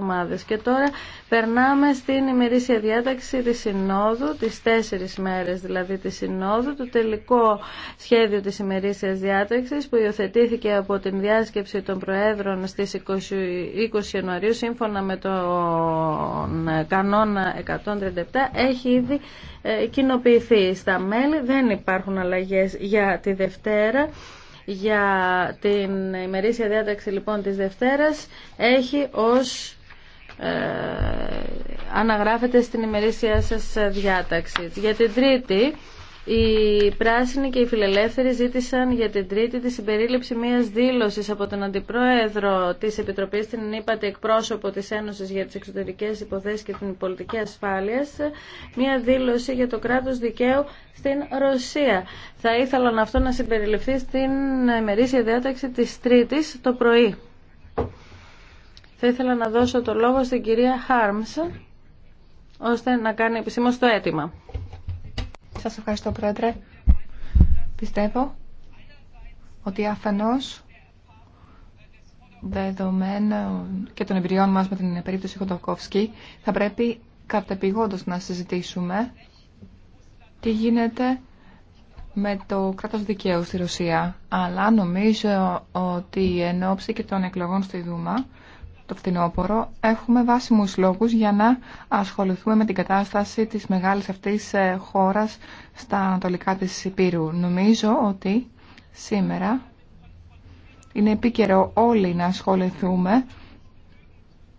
ομάδες. Και τώρα περνάμε στην ημερήσια διάταξη της Συνόδου, τις τέσσερις μέρες δηλαδή της Συνόδου, το τελικό σχέδιο της ημερήσια διάταξης που υιοθετήθηκε από την διάσκεψη των Προέδρων στις 20, 20 Ιανουαρίου σύμφωνα με τον κανόνα 137 έχει ήδη ε, κοινοποιηθεί στα μέλη. Δεν υπάρχουν αλλαγές για τη Δευτέρα για την ημερήσια διάταξη λοιπόν της Δευτέρας έχει ως ε, αναγράφεται στην ημερήσια σας διάταξη. Για την Τρίτη οι πράσινοι και οι φιλελεύθεροι ζήτησαν για την Τρίτη τη συμπερίληψη μια δήλωση από τον Αντιπρόεδρο τη Επιτροπή, την είπατε εκπρόσωπο τη Ένωση για τι Εξωτερικέ Υποθέσει και την Πολιτική Ασφάλεια, μια δήλωση για το κράτο δικαίου στην Ρωσία. Θα ήθελαν αυτό να συμπεριληφθεί στην ημερήσια διάταξη τη Τρίτη το πρωί. Θα ήθελα να δώσω το λόγο στην κυρία Χάρμ, ώστε να κάνει επισήμως το αίτημα. Σας ευχαριστώ Πρόεδρε. Πιστεύω ότι αφενός δεδομένων και των εμπειριών μας με την περίπτωση Χοντοκόφσκι θα πρέπει κατεπηγόντως να συζητήσουμε τι γίνεται με το κράτος δικαίου στη Ρωσία. Αλλά νομίζω ότι εν ώψη και των εκλογών στη Δούμα το φθινόπωρο έχουμε βάσιμους λόγους για να ασχοληθούμε με την κατάσταση της μεγάλης αυτής ε, χώρας στα ανατολικά της Υπήρου. Νομίζω ότι σήμερα είναι επίκαιρο όλοι να ασχοληθούμε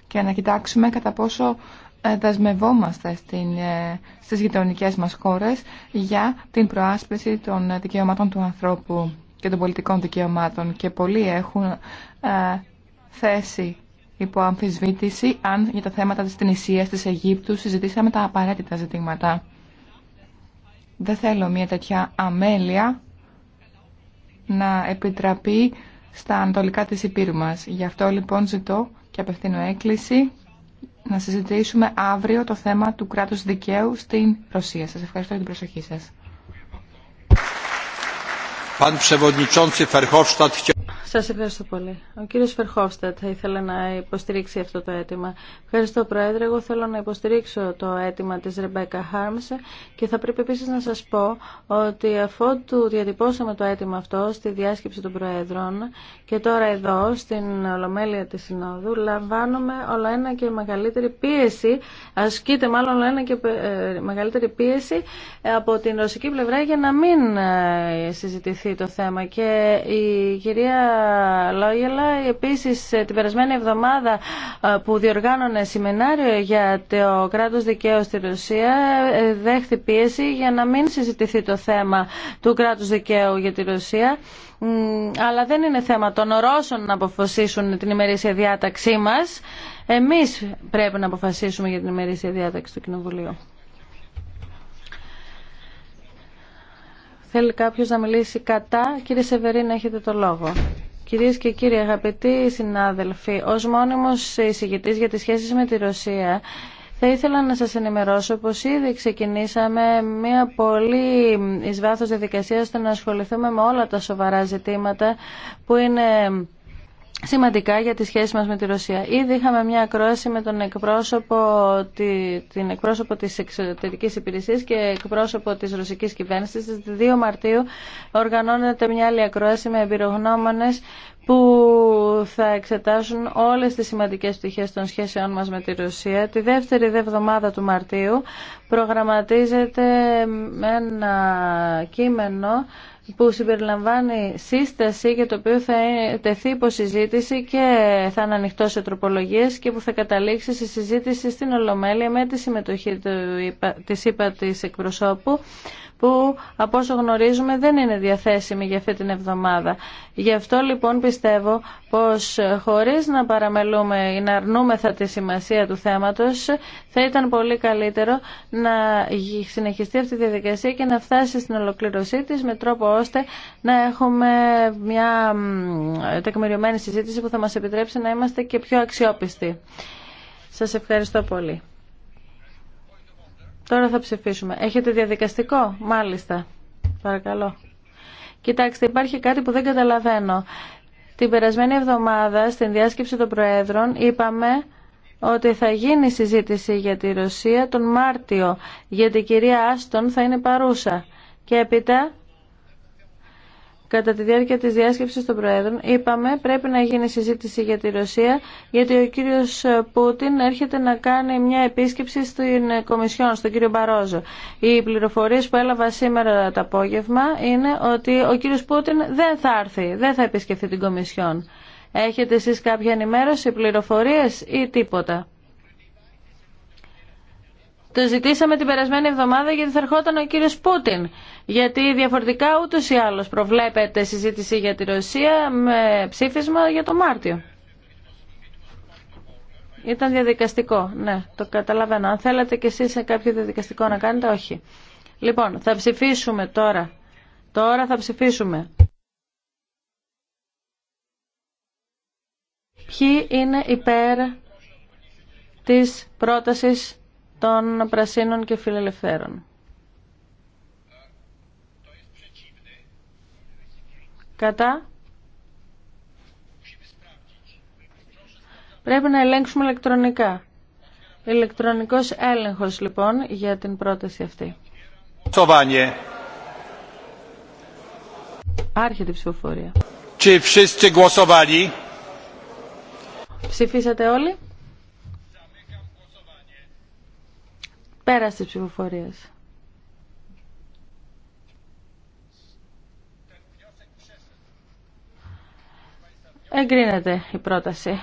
και να κοιτάξουμε κατά πόσο ε, δεσμευόμαστε στην, ε, στις γειτονικές μας χώρες για την προάσπιση των δικαιωμάτων του ανθρώπου και των πολιτικών δικαιωμάτων και πολλοί έχουν θέσει υπό αμφισβήτηση αν για τα θέματα της Τινησίας, της Αιγύπτου συζητήσαμε τα απαραίτητα ζητήματα. Δεν θέλω μια τέτοια αμέλεια να επιτραπεί στα ανατολικά της Υπήρου μας. Γι' αυτό λοιπόν ζητώ και απευθύνω έκκληση να συζητήσουμε αύριο το θέμα του κράτους δικαίου στην Ρωσία. Σας ευχαριστώ για την προσοχή σας. Σας ευχαριστώ πολύ. Ο κύριος Φερχόφστατ θα ήθελε να υποστηρίξει αυτό το αίτημα. Ευχαριστώ Πρόεδρε. Εγώ θέλω να υποστηρίξω το αίτημα της Ρεμπέκα Χάρμς και θα πρέπει επίσης να σας πω ότι αφού του διατυπώσαμε το αίτημα αυτό στη διάσκεψη των Προέδρων και τώρα εδώ στην Ολομέλεια της Συνόδου λαμβάνουμε όλο ένα και μεγαλύτερη πίεση, ασκείται μάλλον όλο ένα και ε, μεγαλύτερη πίεση από την ρωσική πλευρά για να μην ε, συζητηθεί το θέμα και η κυρία Λόγελα. Επίσης την περασμένη εβδομάδα ε, που διοργάνωνε σεμινάριο για το κράτος δικαίου στη Ρωσία ε, δέχθη πίεση για να μην συζητηθεί το θέμα του κράτους δικαίου για τη Ρωσία αλλά δεν είναι θέμα των Ρώσων να αποφασίσουν την ημερήσια διάταξή μας. Εμείς πρέπει να αποφασίσουμε για την ημερήσια διάταξη του Κοινοβουλίου. Θέλει κάποιος να μιλήσει κατά. Κύριε Σεβερίν, έχετε το λόγο. Κυρίες και κύριοι, αγαπητοί συνάδελφοι, ως μόνιμος εισηγητής για τις σχέσεις με τη Ρωσία, θα ήθελα να σας ενημερώσω πως ήδη ξεκινήσαμε μια πολύ εις βάθος διαδικασία ώστε να ασχοληθούμε με όλα τα σοβαρά ζητήματα που είναι σημαντικά για τη σχέση μας με τη Ρωσία. Ήδη είχαμε μια ακρόαση με τον εκπρόσωπο, τη, την εκπρόσωπο της εξωτερικής υπηρεσίας και εκπρόσωπο της ρωσικής κυβέρνησης. Στις 2 Μαρτίου οργανώνεται μια άλλη ακρόαση με εμπειρογνώμονες που θα εξετάσουν όλες τις σημαντικές πτυχές των σχέσεών μας με τη Ρωσία. Τη δεύτερη δεβδομάδα του Μαρτίου προγραμματίζεται ένα κείμενο που συμπεριλαμβάνει σύσταση για το οποίο θα τεθεί υποσυζήτηση και θα είναι ανοιχτό σε τροπολογίες και που θα καταλήξει σε συζήτηση στην Ολομέλεια με τη συμμετοχή της ΥΠΑ της εκπροσώπου που από όσο γνωρίζουμε δεν είναι διαθέσιμη για αυτή την εβδομάδα. Γι' αυτό λοιπόν πιστεύω πως χωρίς να παραμελούμε ή να αρνούμεθα τη σημασία του θέματος θα ήταν πολύ καλύτερο να συνεχιστεί αυτή η διαδικασία και να φτάσει στην ολοκληρωσή της με τρόπο ώστε να έχουμε μια τεκμηριωμένη συζήτηση που θα μας επιτρέψει να είμαστε και πιο αξιόπιστοι. Σας ευχαριστώ πολύ. Τώρα θα ψηφίσουμε. Έχετε διαδικαστικό, μάλιστα. Παρακαλώ. Κοιτάξτε, υπάρχει κάτι που δεν καταλαβαίνω. Την περασμένη εβδομάδα, στην διάσκεψη των Προέδρων, είπαμε ότι θα γίνει συζήτηση για τη Ρωσία τον Μάρτιο, γιατί η κυρία Άστον θα είναι παρούσα. Και έπειτα Κατά τη διάρκεια της διάσκεψης των Προέδρων είπαμε πρέπει να γίνει συζήτηση για τη Ρωσία γιατί ο κύριος Πούτιν έρχεται να κάνει μια επίσκεψη στην Κομισιόν, στον κύριο Μπαρόζο. Οι πληροφορίες που έλαβα σήμερα το απόγευμα είναι ότι ο κύριος Πούτιν δεν θα έρθει, δεν θα επισκεφθεί την Κομισιόν. Έχετε εσείς κάποια ενημέρωση, πληροφορίες ή τίποτα το ζητήσαμε την περασμένη εβδομάδα γιατί θα ερχόταν ο κύριος Πούτιν. Γιατί διαφορετικά ούτως ή άλλως προβλέπεται συζήτηση για τη Ρωσία με ψήφισμα για το Μάρτιο. Ήταν διαδικαστικό, ναι, το καταλαβαίνω. Αν θέλετε κι εσείς σε κάποιο διαδικαστικό να κάνετε, όχι. Λοιπόν, θα ψηφίσουμε τώρα. Τώρα θα ψηφίσουμε. Ποιοι είναι υπέρ της πρότασης των Πρασίνων και Φιλελευθέρων. Κατά. Πρέπει να ελέγξουμε ηλεκτρονικά. Ηλεκτρονικός έλεγχος λοιπόν για την πρόταση αυτή. Σοβάνιε. Άρχεται ψηφοφορία. Ψηφίσατε όλοι. Πέρας της ψηφοφορίας. Εγκρίνεται η πρόταση.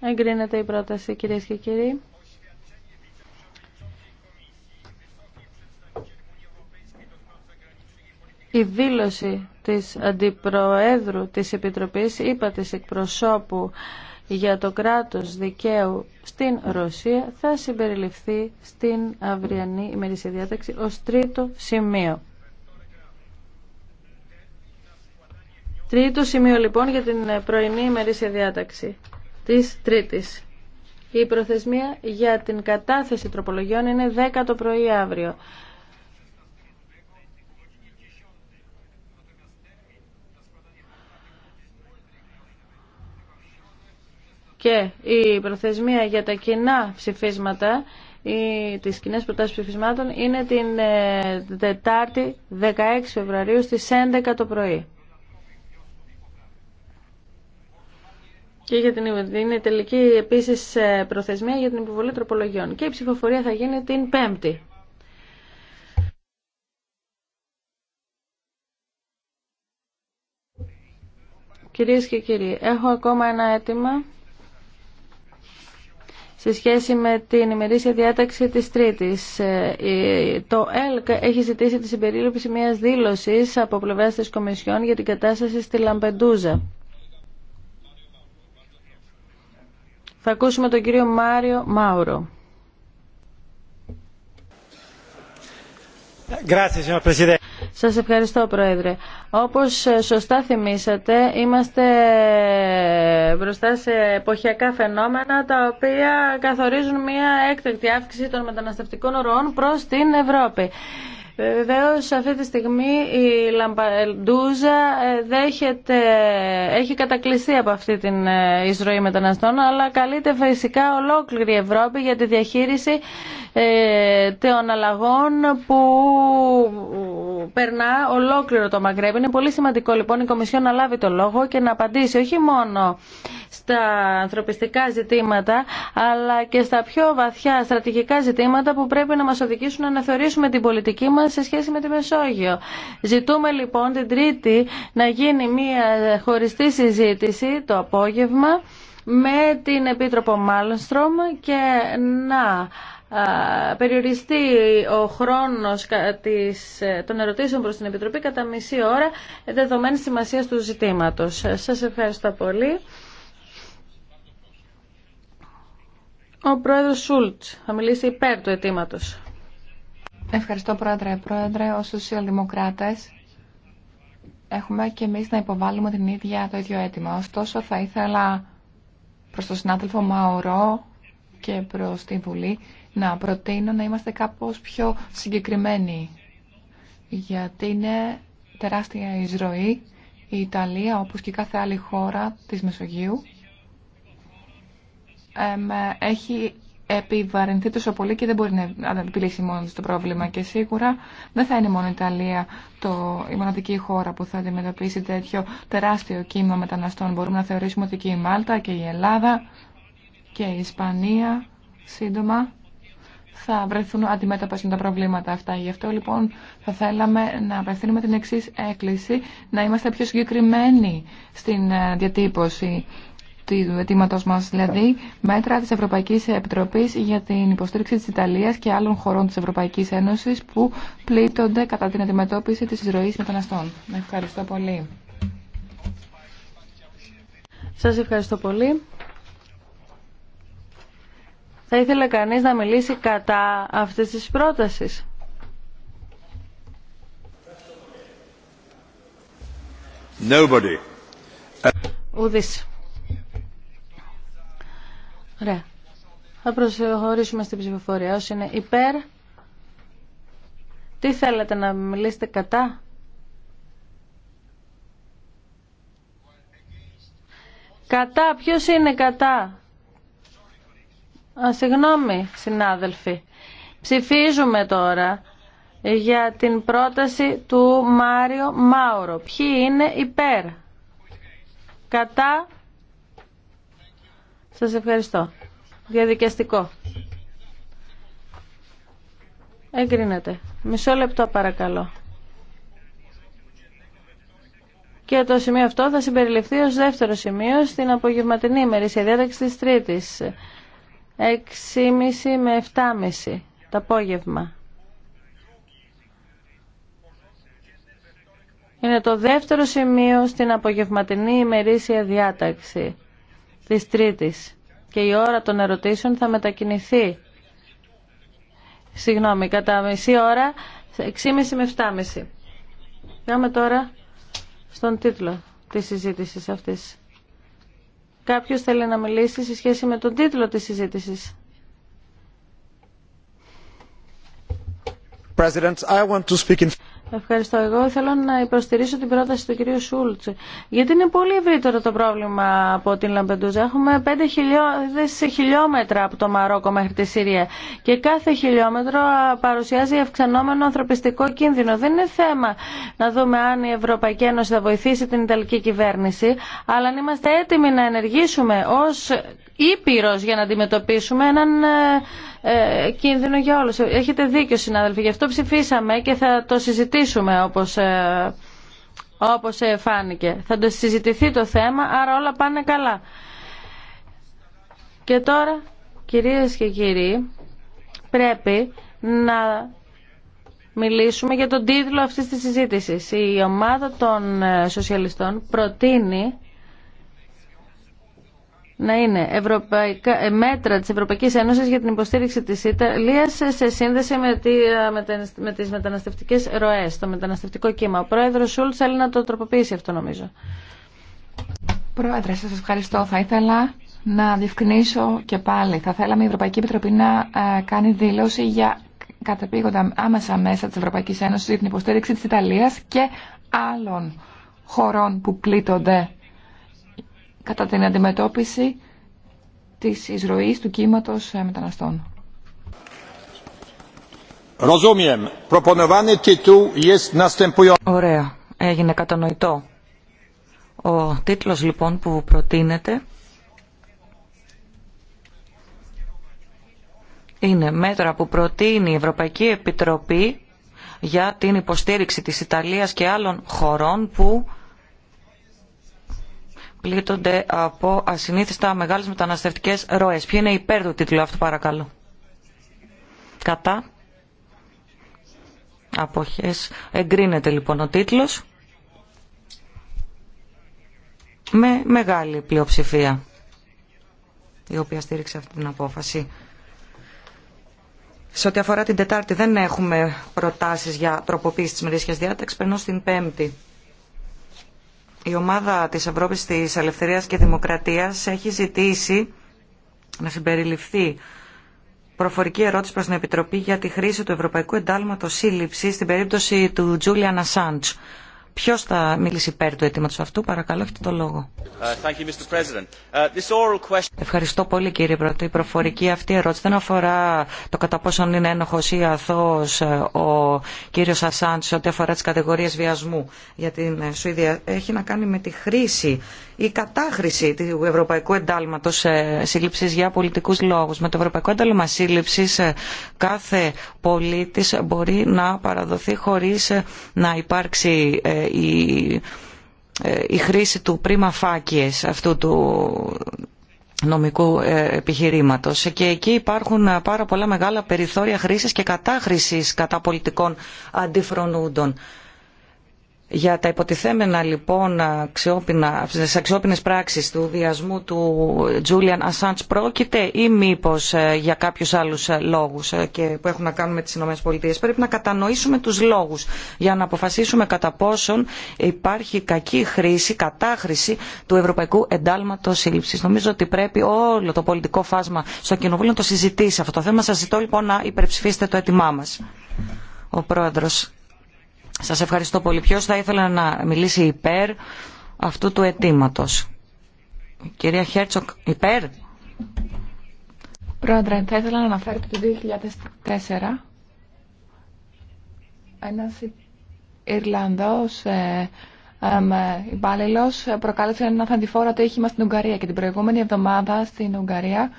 Εγκρίνεται η πρόταση, κυρίες και κύριοι. Η δήλωση της Αντιπροέδρου της Επιτροπής, είπα της εκπροσώπου για το κράτος δικαίου στην Ρωσία θα συμπεριληφθεί στην αυριανή ημερήσια διάταξη ως τρίτο σημείο. Τρίτο σημείο λοιπόν για την πρωινή ημερήσια διάταξη της Τρίτης. Η προθεσμία για την κατάθεση τροπολογιών είναι 10 το πρωί αύριο. και η προθεσμία για τα κοινά ψηφίσματα ή τις κοινέ προτάσεις ψηφισμάτων είναι την ε, Τετάρτη 16 Φεβρουαρίου στις 11 το πρωί. Και για την, είναι τελική επίσης ε, προθεσμία για την υποβολή τροπολογιών. Και η ψηφοφορία θα γίνει την Πέμπτη. Κυρίες και κύριοι, έχω ακόμα ένα αίτημα σε σχέση με την ημερήσια διάταξη της Τρίτης. Ε, το ΕΛΚ έχει ζητήσει τη συμπερίληψη μιας δήλωσης από πλευράς της Κομισιόν για την κατάσταση στη Λαμπεντούζα. Θα ακούσουμε τον κύριο Μάριο Μάουρο. Σας ευχαριστώ Πρόεδρε. Όπως ε, σωστά θυμήσατε, είμαστε ε, μπροστά σε εποχιακά φαινόμενα τα οποία καθορίζουν μια έκτακτη αύξηση των μεταναστευτικών ροών προς την Ευρώπη. Βεβαίω, αυτή τη στιγμή η Λαμπαντούζα ε, δέχεται, έχει κατακλειστεί από αυτή την ε, εισρωή μεταναστών, αλλά καλείται φυσικά ολόκληρη η Ευρώπη για τη διαχείριση ε, των αλλαγών που περνά ολόκληρο το Μαγκρέμπ. Είναι πολύ σημαντικό λοιπόν η Κομισιό να λάβει το λόγο και να απαντήσει όχι μόνο στα ανθρωπιστικά ζητήματα, αλλά και στα πιο βαθιά στρατηγικά ζητήματα που πρέπει να μας οδηγήσουν να θεωρήσουμε την πολιτική μας σε σχέση με τη Μεσόγειο. Ζητούμε λοιπόν την Τρίτη να γίνει μια χωριστή συζήτηση το απόγευμα με την Επίτροπο Μάλνστρομ και να περιοριστεί ο χρόνος της, των ερωτήσεων προς την Επιτροπή κατά μισή ώρα δεδομένη σημασία του ζητήματος. Σας ευχαριστώ πολύ. Ο πρόεδρος Σούλτ θα μιλήσει υπέρ του αιτήματος. Ευχαριστώ, Πρόεδρε. Πρόεδρε, ως σοσιαλδημοκράτες έχουμε και εμείς να υποβάλουμε την ίδια, το ίδιο αίτημα. Ωστόσο, θα ήθελα προς τον συνάδελφο Μαωρό και προς την Βουλή να προτείνω να είμαστε κάπως πιο συγκεκριμένοι. Γιατί είναι τεράστια εισρωή η Ιταλία, όπως και κάθε άλλη χώρα της Μεσογείου, έχει επιβαρυνθεί τόσο πολύ και δεν μπορεί να επιλύσει μόνο το πρόβλημα. Και σίγουρα δεν θα είναι μόνο η Ιταλία το, η μοναδική χώρα που θα αντιμετωπίσει τέτοιο τεράστιο κύμα μεταναστών. Μπορούμε να θεωρήσουμε ότι και η Μάλτα και η Ελλάδα και η Ισπανία σύντομα θα βρεθούν αντιμέτωπε με τα προβλήματα αυτά. Γι' αυτό λοιπόν θα θέλαμε να απευθύνουμε την εξή έκκληση, να είμαστε πιο συγκεκριμένοι στην ε, διατύπωση του αιτήματο μα, δηλαδή μέτρα τη Ευρωπαϊκή Επιτροπή για την υποστήριξη τη Ιταλία και άλλων χωρών τη Ευρωπαϊκή Ένωση που πλήττονται κατά την αντιμετώπιση τη ροή μεταναστών. Ευχαριστώ πολύ. Σα ευχαριστώ πολύ. Θα ήθελε κανείς να μιλήσει κατά αυτή τη πρόταση. Nobody. this. Ωραία. Θα προσχωρήσουμε στην ψηφοφορία. Όσοι είναι υπέρ, τι θέλετε να μιλήσετε κατά. Κατά, ποιος είναι κατά. Α, συνάδελφοι. Ψηφίζουμε τώρα για την πρόταση του Μάριο Μάουρο. Ποιοι είναι υπέρ. Κατά, σας ευχαριστώ. Διαδικαστικό. Εγκρίνεται. Μισό λεπτό παρακαλώ. Και το σημείο αυτό θα συμπεριληφθεί ως δεύτερο σημείο στην απογευματινή ημερήσια διάταξη της Τρίτης. 6.30 με 7.30 το απόγευμα. Είναι το δεύτερο σημείο στην απογευματινή ημερήσια διάταξη της Τρίτης και η ώρα των ερωτήσεων θα μετακινηθεί. Συγγνώμη, κατά μισή ώρα, 6,5 με 7,5. Πάμε τώρα στον τίτλο της συζήτησης αυτής. Κάποιος θέλει να μιλήσει σε σχέση με τον τίτλο της συζήτησης. President, I want to Ευχαριστώ. Εγώ θέλω να υποστηρίσω την πρόταση του κυρίου Σούλτ. Γιατί είναι πολύ ευρύτερο το πρόβλημα από την Λαμπεντούζα. Έχουμε 5 χιλιόμετρα από το Μαρόκο μέχρι τη Συρία. Και κάθε χιλιόμετρο παρουσιάζει αυξανόμενο ανθρωπιστικό κίνδυνο. Δεν είναι θέμα να δούμε αν η Ευρωπαϊκή Ένωση θα βοηθήσει την Ιταλική κυβέρνηση, αλλά αν είμαστε έτοιμοι να ενεργήσουμε ω ήπειρος για να αντιμετωπίσουμε έναν ε, ε, κίνδυνο για όλους. Έχετε δίκιο συνάδελφοι, γι' αυτό ψηφίσαμε και θα το συζητήσουμε όπως, ε, όπως φάνηκε. Θα το συζητηθεί το θέμα, άρα όλα πάνε καλά. Και τώρα, κυρίες και κύριοι, πρέπει να μιλήσουμε για τον τίτλο αυτής της συζήτησης. Η ομάδα των σοσιαλιστών προτείνει να είναι ευρωπαϊκά, ε, μέτρα της Ευρωπαϊκής Ένωσης για την υποστήριξη της Ιταλίας σε σύνδεση με, τη, ε, με τις μεταναστευτικές ροές, το μεταναστευτικό κύμα. Ο πρόεδρος Σουλτς θέλει να το τροποποιήσει αυτό νομίζω. Πρόεδρε, σας ευχαριστώ. Θα ήθελα να διευκρινίσω και πάλι. Θα θέλαμε η Ευρωπαϊκή Επιτροπή να ε, κάνει δήλωση για καταπήγοντα άμεσα μέσα της Ευρωπαϊκής Ένωσης για την υποστήριξη της Ιταλίας και άλλων χωρών που πλήττονται κατά την αντιμετώπιση της εισρωής του κύματος ε, μεταναστών. Ωραία. Έγινε κατανοητό. Ο τίτλος λοιπόν που προτείνεται είναι μέτρα που προτείνει η Ευρωπαϊκή Επιτροπή για την υποστήριξη της Ιταλίας και άλλων χωρών που πλήττονται από ασυνήθιστα μεγάλες μεταναστευτικές ροές. Ποιο είναι υπέρ του τίτλου αυτού παρακαλώ. Κατά. Αποχές. Εγκρίνεται λοιπόν ο τίτλος. Με μεγάλη πλειοψηφία η οποία στήριξε αυτή την απόφαση. Σε ό,τι αφορά την Τετάρτη δεν έχουμε προτάσεις για τροποποίηση της μερίσιας διάταξης, περνώ στην Πέμπτη η ομάδα της Ευρώπης της Ελευθερίας και Δημοκρατίας έχει ζητήσει να συμπεριληφθεί προφορική ερώτηση προς την Επιτροπή για τη χρήση του Ευρωπαϊκού Εντάλματος Σύλληψης στην περίπτωση του Τζούλιαν Ασάντζ. Ποιο θα μιλήσει υπέρ του αιτήματο αυτού, παρακαλώ, έχετε το λόγο. Uh, Ευχαριστώ πολύ κύριε Πρωτή. Η προφορική αυτή ερώτηση δεν αφορά το κατά πόσον είναι ένοχο ή αθώο ε, ο κύριο Ασάντ σε ό,τι αφορά τι κατηγορίε βιασμού για την ε, Σουηδία. Έχει να κάνει με τη χρήση ή κατάχρηση του Ευρωπαϊκού Εντάλματο ε, Σύλληψη για πολιτικού λόγου. Με το Ευρωπαϊκό Εντάλμα Σύλληψη κάθε πολίτη μπορεί να παραδοθεί χωρί να υπάρξει ε, η, χρήση του πρίμα φάκιες αυτού του νομικού ε, επιχειρήματος και εκεί υπάρχουν ε, πάρα πολλά μεγάλα περιθώρια χρήσης και κατάχρησης κατά πολιτικών αντιφρονούντων. Για τα υποτιθέμενα λοιπόν αξιόπινα, αξιόπινες πράξεις του διασμού του Τζούλιαν Ασάντς πρόκειται ή μήπως ε, για κάποιους άλλους ε, λόγους ε, και που έχουν να κάνουν με τις ΗΠΑ. Πρέπει να κατανοήσουμε τους λόγους για να αποφασίσουμε κατά πόσον υπάρχει κακή χρήση, κατάχρηση του Ευρωπαϊκού Εντάλματος Σύλληψης. Νομίζω ότι πρέπει όλο το πολιτικό φάσμα στο Κοινοβούλιο να το συζητήσει αυτό το θέμα. Σας ζητώ λοιπόν να υπερψηφίσετε το έτοιμά μας. Ο Πρόεδρος σας ευχαριστώ πολύ. Ποιος θα ήθελε να μιλήσει υπέρ αυτού του αιτήματο. Κυρία Χέρτσοκ, υπέρ. Πρόεδρε, θα ήθελα να αναφέρω το 2004 ένας Ιρλανδός ε, υπάλληλο προκάλεσε ένα θαντιφόρο ατύχημα στην Ουγγαρία και την προηγούμενη εβδομάδα στην Ουγγαρία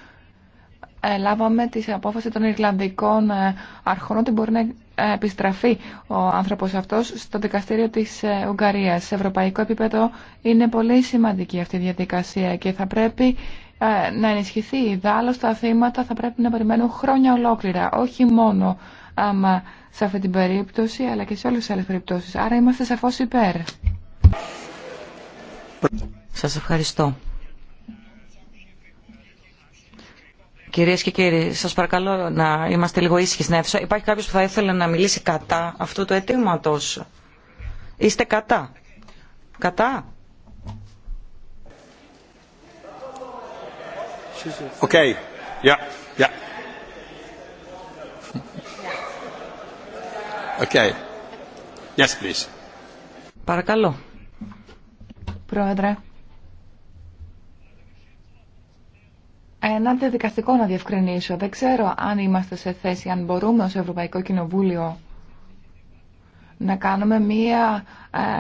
ε, λάβαμε τη απόφαση των Ιρλανδικών ε, αρχών ότι μπορεί να ε, επιστραφεί ο άνθρωπος αυτός στο δικαστήριο της Ουγγαρίας. Σε ευρωπαϊκό επίπεδο είναι πολύ σημαντική αυτή η διαδικασία και θα πρέπει να ενισχυθεί. Δ'άλλως τα θύματα θα πρέπει να περιμένουν χρόνια ολόκληρα, όχι μόνο άμα σε αυτή την περίπτωση, αλλά και σε όλες τις άλλες περιπτώσεις. Άρα είμαστε σαφώς υπέρ. Σας ευχαριστώ. Κυρίες και κύριοι, σας παρακαλώ να είμαστε λίγο ήσυχοι στην αίθουσα. Υπάρχει κάποιος που θα ήθελε να μιλήσει κατά αυτού του αιτήματο. Είστε κατά. Κατά. Yes, please. Παρακαλώ. Πρόεδρε. Ένα δικαστικό να διευκρινίσω. Δεν ξέρω αν είμαστε σε θέση, αν μπορούμε ως Ευρωπαϊκό Κοινοβούλιο να κάνουμε μία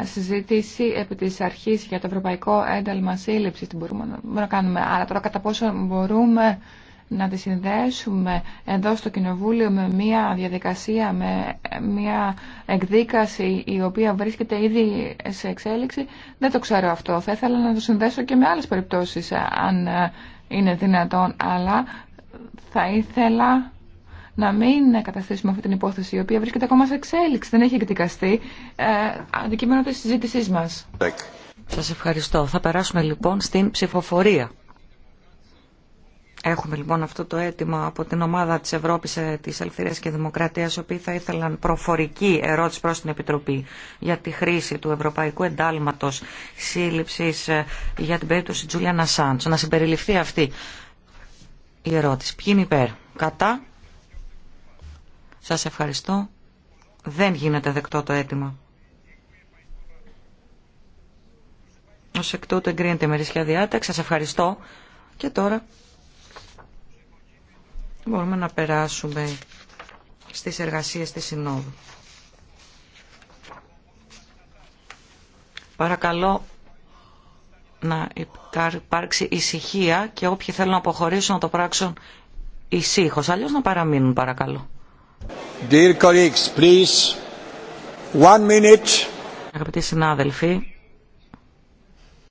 ε, συζήτηση επί της αρχής για το Ευρωπαϊκό Ένταλμα Σύλληψης. Τι μπορούμε να κάνουμε. Αλλά τώρα κατά πόσο μπορούμε να τη συνδέσουμε εδώ στο Κοινοβούλιο με μία διαδικασία, με μία εκδίκαση η οποία βρίσκεται ήδη σε εξέλιξη, δεν το ξέρω αυτό. Θα ήθελα να το συνδέσω και με άλλες περιπτώσεις, αν ε, είναι δυνατόν, αλλά θα ήθελα να μην καταστήσουμε αυτή την υπόθεση η οποία βρίσκεται ακόμα σε εξέλιξη, δεν έχει εκδικαστεί ε, αντικείμενο της συζήτησής μας. Σας ευχαριστώ. Θα περάσουμε λοιπόν στην ψηφοφορία. Έχουμε λοιπόν αυτό το αίτημα από την ομάδα της Ευρώπης ε, της Ελευθερίας και Δημοκρατίας, οποίοι θα ήθελαν προφορική ερώτηση προς την Επιτροπή για τη χρήση του Ευρωπαϊκού Εντάλματος Σύλληψης ε, για την περίπτωση Τζούλιαν Ασάντς. Να συμπεριληφθεί αυτή η ερώτηση. Ποιοι είναι υπέρ. Κατά. Σας ευχαριστώ. Δεν γίνεται δεκτό το αίτημα. Ως εκ τούτου εγκρίνεται η μερίσια διάταξη. Σας ευχαριστώ. Και τώρα μπορούμε να περάσουμε στις εργασίες της Συνόδου. Παρακαλώ να υπάρξει ησυχία και όποιοι θέλουν να αποχωρήσουν να το πράξουν ησύχως. Αλλιώς να παραμείνουν παρακαλώ. Dear colleagues, please, one minute. Αγαπητοί συνάδελφοι,